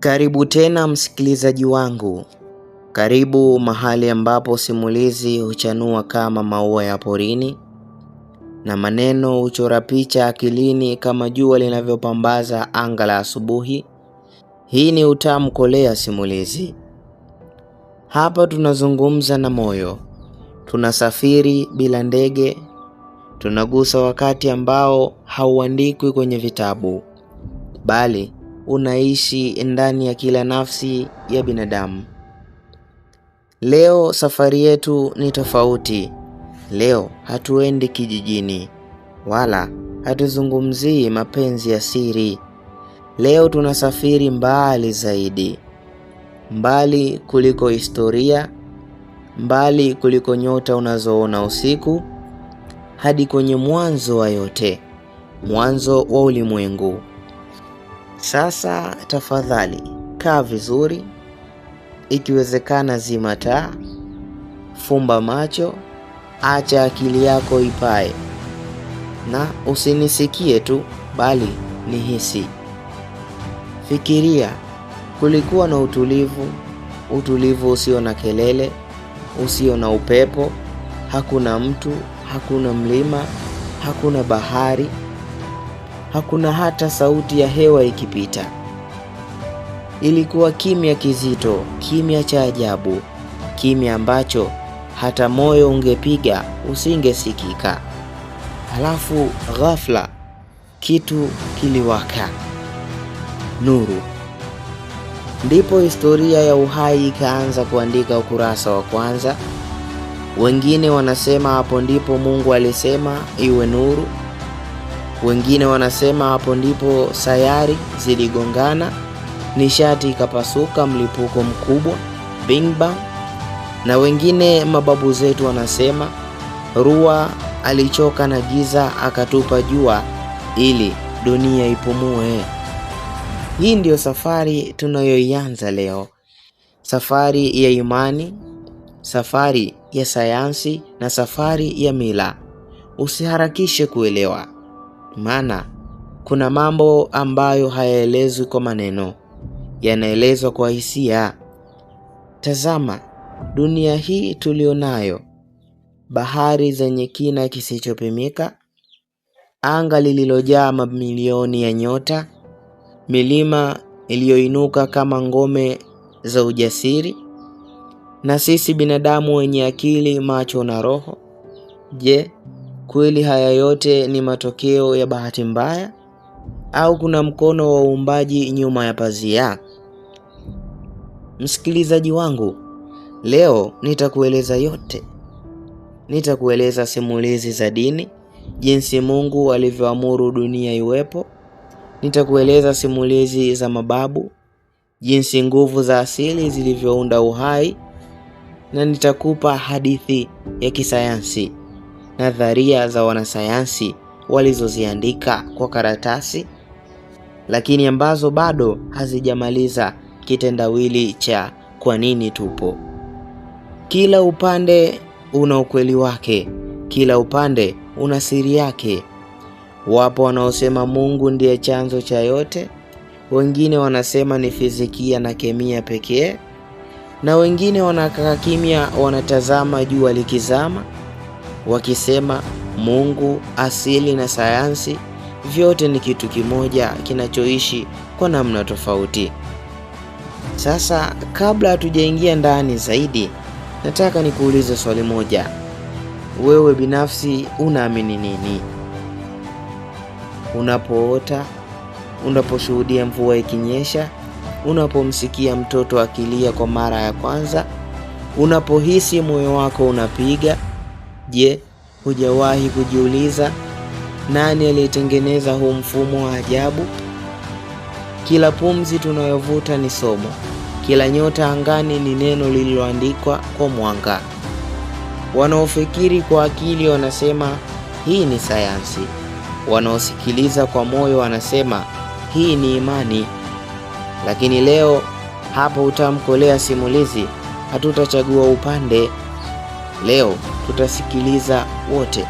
Karibu tena msikilizaji wangu, karibu mahali ambapo simulizi huchanua kama maua ya porini na maneno huchora picha akilini kama jua linavyopambaza anga la asubuhi. Hii ni Utamu Kolea Simulizi. Hapa tunazungumza na moyo, tunasafiri bila ndege, tunagusa wakati ambao hauandikwi kwenye vitabu, bali unaishi ndani ya kila nafsi ya binadamu. Leo safari yetu ni tofauti. Leo hatuendi kijijini wala hatuzungumzii mapenzi ya siri. Leo tunasafiri mbali zaidi, mbali kuliko historia, mbali kuliko nyota unazoona usiku, hadi kwenye mwanzo wa yote, mwanzo wa ulimwengu. Sasa tafadhali kaa vizuri, ikiwezekana zima taa, fumba macho, acha akili yako ipae, na usinisikie tu, bali nihisi. Fikiria, kulikuwa na utulivu, utulivu usio na kelele, usio na upepo, hakuna mtu, hakuna mlima, hakuna bahari, hakuna hata sauti ya hewa ikipita. Ilikuwa kimya kizito, kimya cha ajabu, kimya ambacho hata moyo ungepiga usingesikika. Halafu ghafla kitu kiliwaka nuru. Ndipo historia ya uhai ikaanza kuandika ukurasa wa kwanza. Wengine wanasema hapo ndipo Mungu alisema iwe nuru. Wengine wanasema hapo ndipo sayari ziligongana, nishati ikapasuka, mlipuko mkubwa Big Bang. Na wengine mababu zetu wanasema Rua alichoka na giza akatupa jua ili dunia ipumue. Hii ndiyo safari tunayoianza leo, safari ya imani, safari ya sayansi na safari ya mila. Usiharakishe kuelewa maana kuna mambo ambayo hayaelezwi kwa maneno, yanaelezwa kwa hisia. Tazama dunia hii tulionayo, bahari zenye kina kisichopimika, anga lililojaa mamilioni ya nyota, milima iliyoinuka kama ngome za ujasiri, na sisi binadamu wenye akili, macho na roho. Je, Kweli haya yote ni matokeo ya bahati mbaya au kuna mkono wa uumbaji nyuma ya pazia? Msikilizaji wangu, leo nitakueleza yote. Nitakueleza simulizi za dini, jinsi Mungu alivyoamuru dunia iwepo. Nitakueleza simulizi za mababu, jinsi nguvu za asili zilivyounda uhai, na nitakupa hadithi ya kisayansi nadharia za wanasayansi walizoziandika kwa karatasi, lakini ambazo bado hazijamaliza kitendawili cha kwa nini tupo. Kila upande una ukweli wake, kila upande una siri yake. Wapo wanaosema Mungu ndiye chanzo cha yote, wengine wanasema ni fizikia na kemia pekee, na wengine wanakaa kimya, wanatazama jua likizama wakisema Mungu, asili na sayansi vyote ni kitu kimoja kinachoishi kwa namna tofauti. Sasa, kabla hatujaingia ndani zaidi, nataka nikuulize swali moja. Wewe binafsi unaamini nini? Unapoota, unaposhuhudia mvua ikinyesha, unapomsikia mtoto akilia kwa mara ya kwanza, unapohisi moyo wako unapiga Je, hujawahi kujiuliza nani aliyetengeneza huu mfumo wa ajabu? Kila pumzi tunayovuta ni somo, kila nyota angani ni neno lililoandikwa kwa mwanga. Wanaofikiri kwa akili wanasema hii ni sayansi, wanaosikiliza kwa moyo wanasema hii ni imani. Lakini leo hapa Utamkolea Simulizi hatutachagua upande, Leo tutasikiliza wote,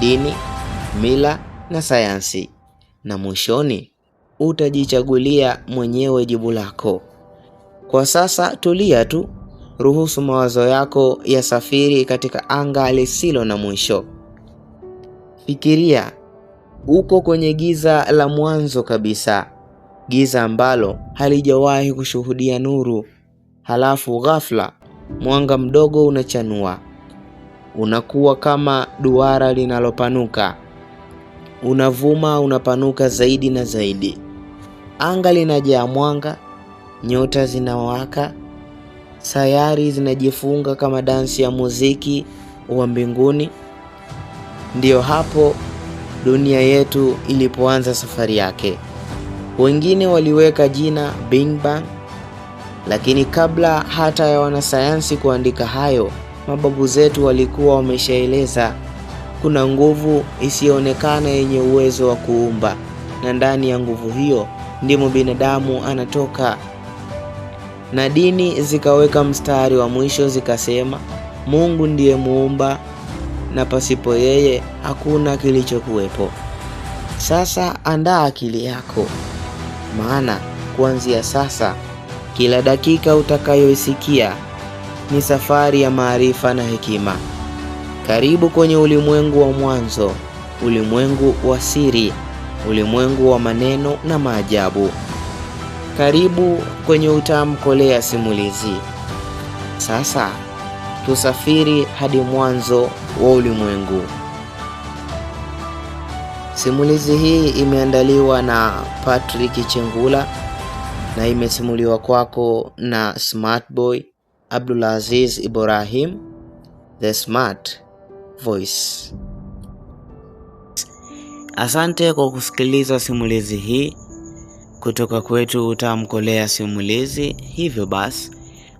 dini, mila na sayansi, na mwishoni utajichagulia mwenyewe jibu lako. Kwa sasa tulia tu, ruhusu mawazo yako yasafiri katika anga lisilo na mwisho. Fikiria uko kwenye giza la mwanzo kabisa, giza ambalo halijawahi kushuhudia nuru. Halafu ghafla Mwanga mdogo unachanua, unakuwa kama duara linalopanuka, unavuma, unapanuka zaidi na zaidi. Anga linajaa mwanga, nyota zinawaka, sayari zinajifunga kama dansi ya muziki wa mbinguni. Ndiyo hapo dunia yetu ilipoanza safari yake. Wengine waliweka jina Big Bang lakini kabla hata ya wanasayansi kuandika hayo, mababu zetu walikuwa wameshaeleza kuna nguvu isiyoonekana yenye uwezo wa kuumba, na ndani ya nguvu hiyo ndimo binadamu anatoka. Na dini zikaweka mstari wa mwisho zikasema, Mungu ndiye muumba na pasipo yeye hakuna kilichokuwepo. Sasa andaa akili yako, maana kuanzia sasa kila dakika utakayoisikia ni safari ya maarifa na hekima. Karibu kwenye ulimwengu wa mwanzo, ulimwengu wa siri, ulimwengu wa maneno na maajabu. Karibu kwenye utamkolea simulizi. Sasa tusafiri hadi mwanzo wa ulimwengu. Simulizi hii imeandaliwa na Patrick Chengula na imesimuliwa kwako na Smart Boy Abdulaziz Ibrahim, The Smart Voice. Asante kwa kusikiliza simulizi hii kutoka kwetu Utamkolea Simulizi. Hivyo basi,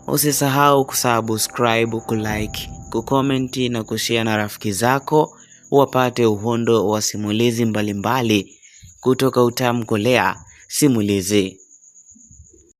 usisahau kusubscribe, kulike, kukomenti na kushare na rafiki zako wapate uhondo wa simulizi mbalimbali mbali kutoka Utamkolea Simulizi.